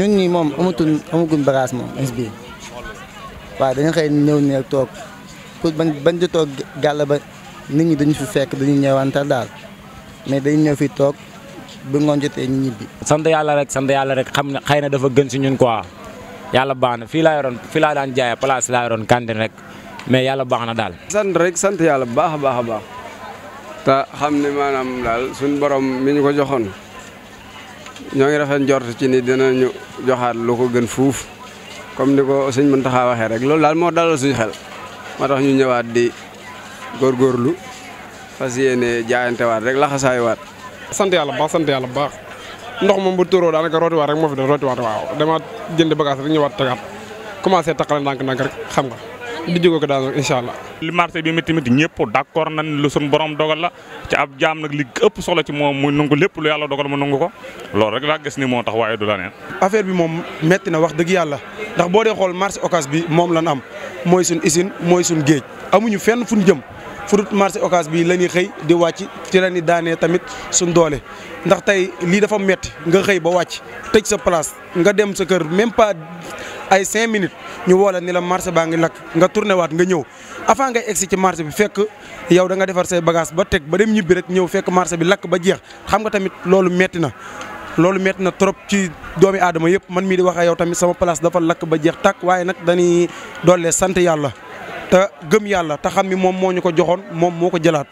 ñun ñi moom amatuñ amaguñ bagage moom bis bii waaw dañu xëy ñëw ne toog pour bañ bañ di toog gàll ba nit ñi dañu fi fekk dañuy ñëwantal daal mais dañu ñëw fi toog bu ngoon jotee ñu ñibbi. sant yàlla rek sant yàlla rek xam ne xëy na dafa gën si ñun quoi yàlla baax na fii laa yoroon fii laa daan jaayee place laa yoroon rek mais yàlla baax na daal. sant rek sant yàlla bu baax a baax a baax te xam ne maanaam daal suñu borom mi ñu ko joxoon. ñoo ngi rafet njort ci ni ñu joxaat lu ko gën fuuf comme ni ko sëñ Mountakha waxee rek loolu daal moo dalal suñu xel moo tax ñu ñëwaat di góor góor lu fas yéene jaayantewaat rek laxasaayiwaat. sant yàlla bu baax sant yàlla bu baax ndox moom bu tuuroo daanaka rootiwaat rek moo fi doon rootiwaat waaw dama jënd bagage rek ñëwaat tegaat commencé taqale ndànk-ndànk rek xam nga. di jóge ko daal incha allah. li marché bi métti métti ñëpp d'accord nañ lu suñu borom dogal la ci ab jaam nag li ëpp solo ci moom muy nangu lépp lu yàlla dogal mu nangu ko loolu rek laa gis ni moo tax waaye du la neen. affaire bi moom métti na wax dëgg yàlla ndax boo dee xool marché Ocass bi moom lan am mooy suñu usine mooy suñu géej amuñu fenn fu ñu jëm. furut marché Ocass bi la ñuy xëy di wàcc ci la ñuy daanee tamit suñ doole ndax tey lii dafa metti nga xëy ba wàcc tëj sa place nga dem sa kër même pas ay cinq minutes ñu woo ni la marché baa ngi lakk nga tourné waat nga ñëw avant ngay egsi ci marché bi fekk yow danga nga defar say bagage ba teg ba dem ñibbi rek ñëw fekk marché bi lakk ba jeex xam nga tamit loolu metti na loolu metti na trop ci doomi aadama yëpp man mii di wax ak yow tamit sama place dafa lakk ba jeex tàkk waaye nag dañuy doole sant yàlla te gëm yàlla te xam ni moom moo ñu ko joxoon moom moo ko jëlaat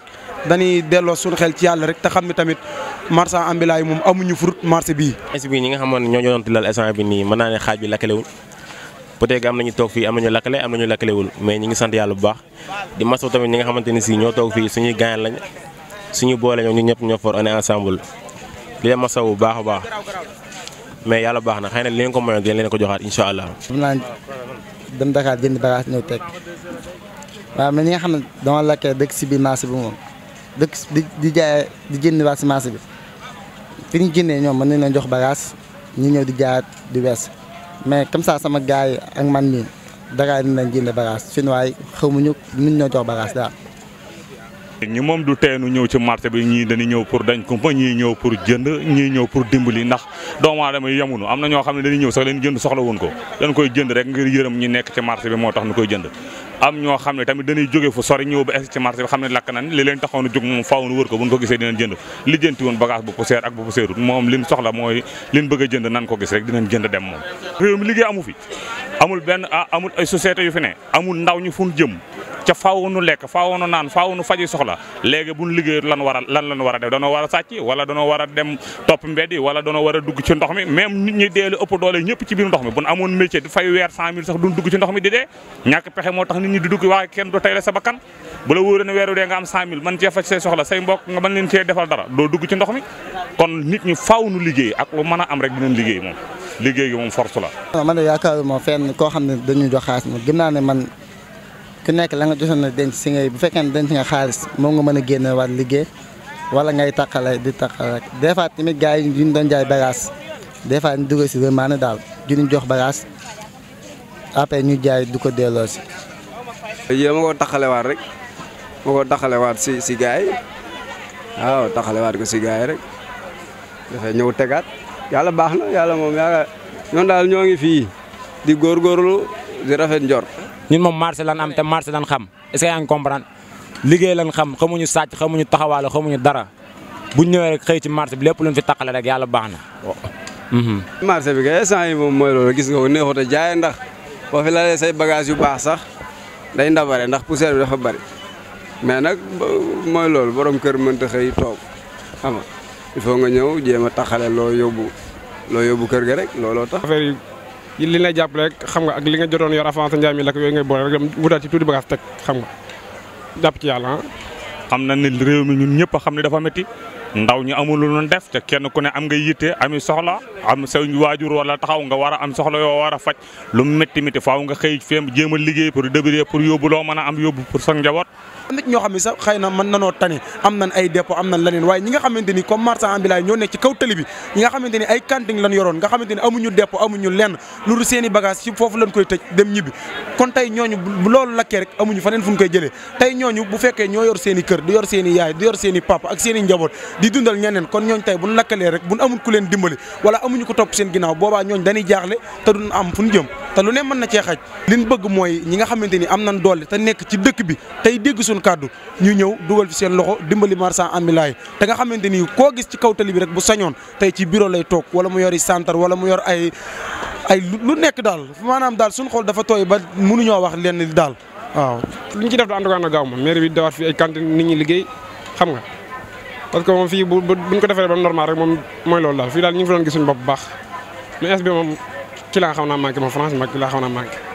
dañuy delloo suñu xel ci yàlla rek te xam ni tamit marchand ambulant yi moom amuñu furut marché bii. marché ñi nga xamoon ñoo doon tilal instant bi nii mën naa ne xaaj bi lakkale wuñ peut-être que am nañu toog fii am nañu lakkale am nañu lakkalewul mais ñi ngi sant yàlla bu baax di masaw tamit ñi nga xamante ni si ñoo toog fii suñuy gaañ lañ suñu boole ñoo ñëpp ñoo for on est ensemble di bu baax a baax mais yàlla baax na xëy na leen ko mayoon dinañ leen ko joxaat incha allah. xam naa dem Dakar jënd bagage ñëw teg waaw mais ñi nga xam ne dama lakkee dëkk si biir marché bi moom dëkk di di jaay di jënd waa si marché bi fi ñu jëndee ñoom mën nañ leen jox bagage ñu ñëw di jaayaat di wees. mais comme ça sama gars yi ak man nii Dakar dinañ jënd bagage Chinois yi xamuñu nuñ ñoo jox bagage ñi moom du teenu ñëw ci marché bi ñii dañuy ñëw pour dañ kumpa ñii ñëw pour jënd ñii ñëw pour dimbali ndax doomu aadama yi yemunu am na ñoo xam ne dañuy ñëw sax leen jënd soxla woon ko dañ koy jënd rek ngir yërëm ñi nekk ci marché bi moo tax ñu koy jënd am ñoo xam ne tamit dañuy jóge fu sori ñëw ba egsi ci marché bi xam ne lakk nañ li leen taxoon a jóg moom faaw nu wër ko buñ ko gisee dinañ jënd li jënti woon bagage bu poussière ak bu poussièreut moom liñ soxla mooy liñ bëgg a jënd nan ko gis rek dinañ jënd dem moom réew mi liggéey amu fi amul benn ah, amul ay société yu fi ne amul ndaw ñu fun jëm ca faaw nu lekk faaw nu naan faaw nu faji soxla léegi bu nu liggéeyut lan war lan lan war a def danoo war a sàcc wala danoo a dem topp mbedd yi wala danoo dugg ci ndox mi même nit ñi deelu ëpp doole ñëpp ci biir ndox mi bu nu amoon métier di fay weer cent mille dugg ci ndox mi di dee ñàkk pexe moo tax nit ñi du dugg ci ndox mi kon nit ñi faaw nu liggéey ak lu mën a am rek dinañ liggéey moom liggéey gi moom force la. man de yaakaaruma fenn koo xam ne dañuy jox xaalis moom ku nekk la nga jotoon a denc si ngay bu fekkee ne denc nga xaalis moom nga mën a génne waat liggéey wala ngay taqale di taqale rek des fois tamit gars yi ñu doon jaay bagage des fois ñu dugal si rëmmaane daal di ñu jox bagage après ñu jaay du ko delloo si. yéen ma rek ma ko taxalewaat si si gars yi waaw taxalewaat ko si gars yi rek dafay ñëw tegaat yàlla baax na yàlla moom yàlla ñoom daal ñoo ngi fii di góorgóorlu di rafet njor ñun moom marché lan am te marché lan xam est-ce que liggéey lan xam xamuñu sàcc xamuñu taxawaale xamuñu dara buñ ñëwee rek xëy ci marché bi lépp luñ fi taqale rek yàlla baax na. Mhm. marché bi kay instant yi moom mooy loolu gis nga ko neexut a jaaye ndax boo fi lalee say bagage yu baax sax day ndabare ndax poussière bi dafa bari mais nag mooy loolu boroom kër mënta xëy toog xam nga il faut nga ñëw jéem a taxale loo yóbbu loo yóbbu kër ga rek looloo tax. li lay jàpp rek xam nga ak li nga jotoon yor avance njaay mi lakk yooyu ngay boole rek dem wutaat ci tuuti bagage teg xam nga jàpp ci yàlla ah. xam na ne réew mi ñun ñëpp xam ne dafa métti ndaw ñi amul lu ñu def te kenn ku ne am nga yitte ami soxla am sa waajur wala taxaw nga war a am soxla yoo war a faj lu métti métti faaw nga xëy fem jéem a liggéey pour débrouiller pour yóbbu loo a am yóbbu pour sa njaboot xam ne am nañ ay dépôt am nañ leneen waaye ñi nga xamante ni comme marchand ambulant ñoo nekk ci kaw tëli bi ñi nga xamante ni ay kanting lan yoroon nga xamante ni amuñu dépôt amuñu lenn lu dul seen i bagage ci foofu lañ koy tëj dem ñibbi kon tey ñooñu bu loolu lakkee rek fekkee ñoo yor seen i kër di yor seen i yaay di yor seen i papa ak seen i njaboot di dundal ñu ko topp seen ginnaaw boobaa ñooñ dañuy jaaxle te duñ am fu ñu jëm te lu ne mën na cee xaj liñ bëgg mooy ñi nga xamante ni am nañ doole te nekk ci dëkk bi tey dégg suñu kàddu ñu ñëw dugal fi seen loxo dimbali marchand ambulant yi te nga xamante ni koo gis ci kaw tali bi rek bu sañoon tey ci bureau lay toog wala mu yori centre wala mu yor ay ay lu nekk daal maanaam daal suñu xool dafa tooy ba mënuñoo wax lenn daal waaw. li ñu ci def da ànd gaaw moom mairie bi dawaat fi liggéey xam nga parce que moom fii bu buñ ko defee ba normal rek moom mooy loolu daal fii daal ñu ngi fa doon gis suñu bopp bu baax mais SB moom ci laa xaw naa manqué moom franchement ci laa xaw naa manqué.